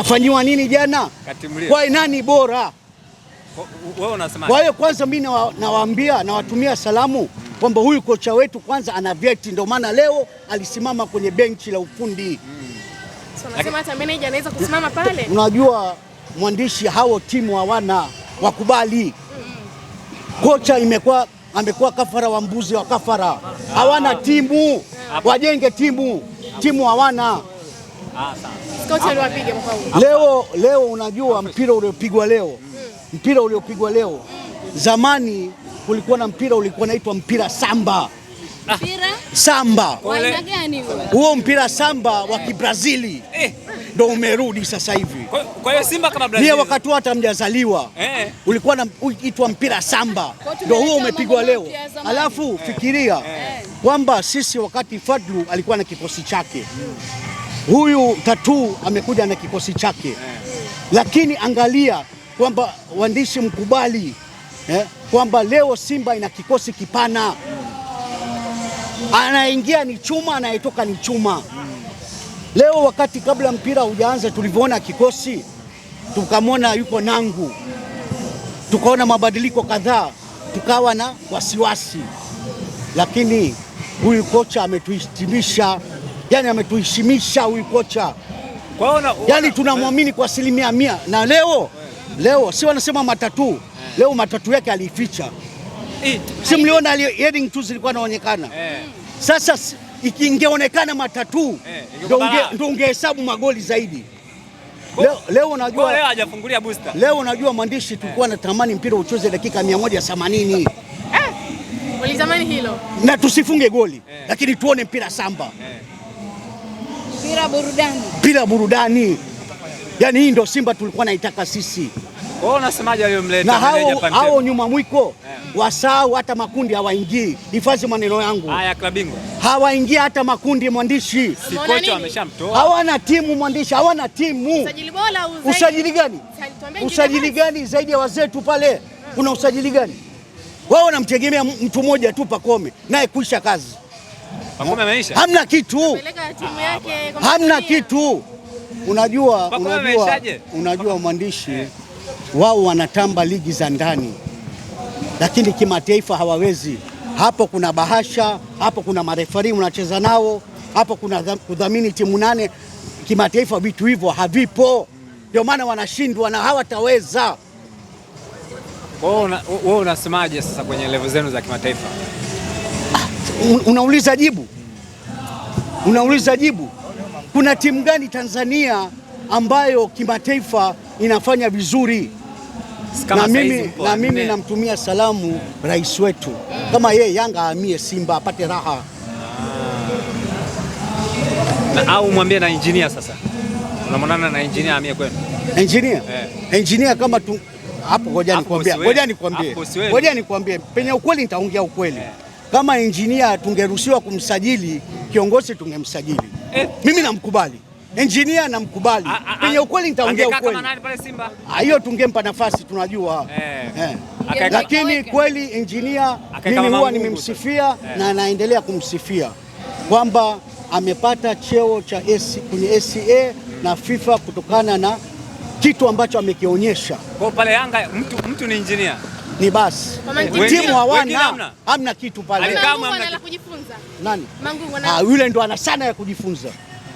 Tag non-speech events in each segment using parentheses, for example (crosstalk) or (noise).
Afanyiwa nini jana? Kwa nani bora? Wewe Kwa hiyo kwanza mimi nawaambia nawatumia salamu kwamba huyu kocha wetu kwanza ana vyeti, ndio maana leo alisimama kwenye benchi la ufundi. So, manager anaweza kusimama pale? (laughs) Unajua mwandishi, hao timu hawana wakubali. Kocha imekuwa amekuwa kafara wa mbuzi wa kafara, hawana timu, wajenge timu, timu hawana. Ah, Leo leo unajua mpira uliopigwa leo mm. mpira uliopigwa leo mm. zamani kulikuwa na mpira ulikuwa naitwa mpira samba mpira samba huo mpira samba wa Kibrazili eh. eh. Ndo umerudi sasa hivi. Kwa hiyo Simba kama Brazil. Ni wakati hata mjazaliwa eh. Ulikuwa na mpira samba ndo huo umepigwa leo. Alafu eh. fikiria eh. kwamba sisi wakati Fadlu alikuwa na kikosi chake mm huyu Tatu amekuja na kikosi chake yeah. Lakini angalia kwamba waandishi mkubali eh, kwamba leo Simba ina kikosi kipana, anaingia ni chuma, anayetoka ni chuma. Leo wakati kabla mpira hujaanza tulivyoona kikosi, tukamwona yuko Nangu, tukaona mabadiliko kadhaa, tukawa na wasiwasi, lakini huyu kocha ametuhitimisha yani ametuheshimisha huyu kocha kwaona, yani tunamwamini kwa asilimia mia, na leo leo si wanasema matatu, eh. leo matatu yake aliificha, si mliona heading tu zilikuwa naonekana. Eh. Sasa ikingeonekana matatu eh, ndio ungehesabu magoli zaidi. Leo, leo najua hajafungulia booster. Leo najua mwandishi, tulikuwa na tamani mpira ucheze dakika 180 eh, walitamani hilo na tusifunge goli eh, lakini tuone mpira samba eh bila burudani, bila burudani. Yaani hii ndio Simba tulikuwa naitaka sisi. Wewe unasemaje aliyomleta meneja Na hao nyuma mwiko yeah. Wasahau hata makundi hawaingii, hifadhi maneno yangu haya, klabingo hawaingii hata makundi mwandishi, si kocha hawana timu mwandishi, hawana timu. Usajili bora usajili gani? Usajili gani zaidi ya wazetu pale? Kuna usajili gani? Wao wanamtegemea mtu mmoja tu Pakome, naye kuisha kazi hamna kitu, hamna kitu. Unajua, unajua, unajua mwandishi wao wanatamba ligi za ndani, lakini kimataifa hawawezi. Hapo kuna bahasha, hapo kuna marefari unacheza nao, hapo kuna kudhamini timu nane. Kimataifa vitu hivyo havipo, ndio maana wanashindwa na hawataweza. Wewe unasemaje sasa kwenye level zenu za kimataifa? unauliza jibu, unauliza jibu. Kuna timu gani Tanzania ambayo kimataifa inafanya vizuri? Na mimi, na mimi namtumia salamu rais wetu, kama yeye Yanga ahamie Simba apate raha na, au mwambie na engineer sasa. Unamonana na engineer ahamie kwenu. Engineer? Eh. Engineer kama tu hapo, ngoja nikwambie, ngoja nikwambie, ngoja nikwambie penye ukweli nitaongea ukweli eh. Kama engineer tungeruhusiwa kumsajili kiongozi, tungemsajili eh. Mimi namkubali engineer, namkubali kwenye ukweli, nitaongea ukweli. Ah, hiyo tungempa nafasi, tunajua eh. Eh. Akeka, lakini kweli engineer mimi huwa nimemsifia eh, na naendelea kumsifia kwamba amepata cheo cha kwenye SCA na FIFA kutokana na kitu ambacho amekionyesha. Kwa pale Yanga mtu, mtu ni engineer ni basi timu hawana hamna kitu pale. Nani? Ah, yule ndo ana sana ya kujifunza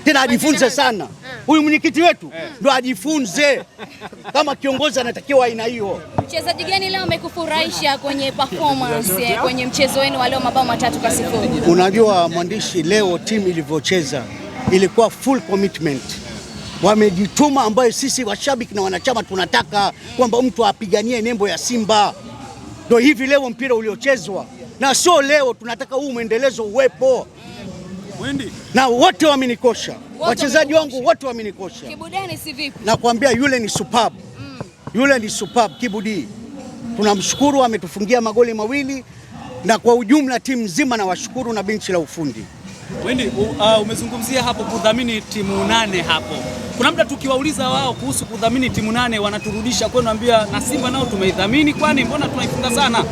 tena ajifunze sana eh. huyu mwenyekiti wetu eh. ndo ajifunze. (laughs) Kama kiongozi anatakiwa aina hiyo. Mchezaji gani leo amekufurahisha kwenye performance eh, kwenye mchezo wenu wa leo mabao matatu kwa sifuri? Unajua mwandishi, leo timu ilivyocheza ilikuwa full commitment, wamejituma ambayo sisi washabiki na wanachama tunataka kwamba mtu apiganie nembo ya Simba ndo hivi leo mpira uliochezwa, na sio leo. Tunataka huu mwendelezo uwepo na wote wamenikosha, wachezaji wangu wote wamenikosha. Kibudeni si vipi? Nakwambia yule ni superb, mm. yule ni superb Kibudi. Tunamshukuru, ametufungia magoli mawili, na kwa ujumla timu nzima nawashukuru, na benchi la ufundi Wendi, uh, umezungumzia hapo kudhamini timu nane hapo kuna muda tukiwauliza wao kuhusu kudhamini timu nane, wanaturudisha kunaambia na Simba nao tumeidhamini, kwani mbona tunaifunga sana?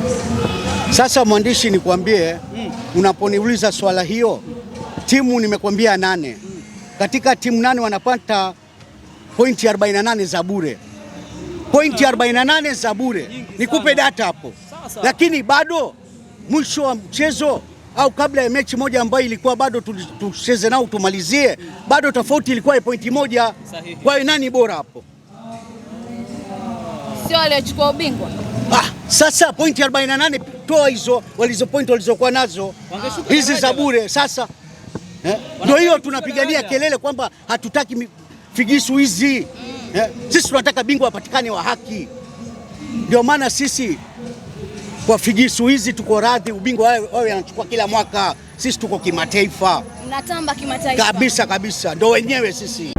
Sasa mwandishi, nikwambie mm. unaponiuliza swala hiyo, timu nimekwambia nane mm. katika timu nane wanapata pointi 48 za bure, pointi 48 hmm. za bure. Nikupe data hapo, lakini bado mwisho wa mchezo au kabla ya mechi moja ambayo ilikuwa bado tucheze nao tumalizie, bado tofauti ilikuwa ya pointi moja. Kwa hiyo nani bora hapo? Sio aliyechukua ubingwa. Ah, sasa pointi 48 toa hizo walizo point walizokuwa nazo hizi za bure. Sasa eh, ndio eh, hiyo tunapigania kelele kwamba hatutaki figisu hizi mm. eh, sisi tunataka bingwa wapatikane wa haki, ndio maana sisi kwa figisu hizi tuko radhi, ubingwa wao anachukua kila mwaka. Sisi tuko kimataifa, mnatamba kimataifa kabisa kabisa, ndo wenyewe sisi.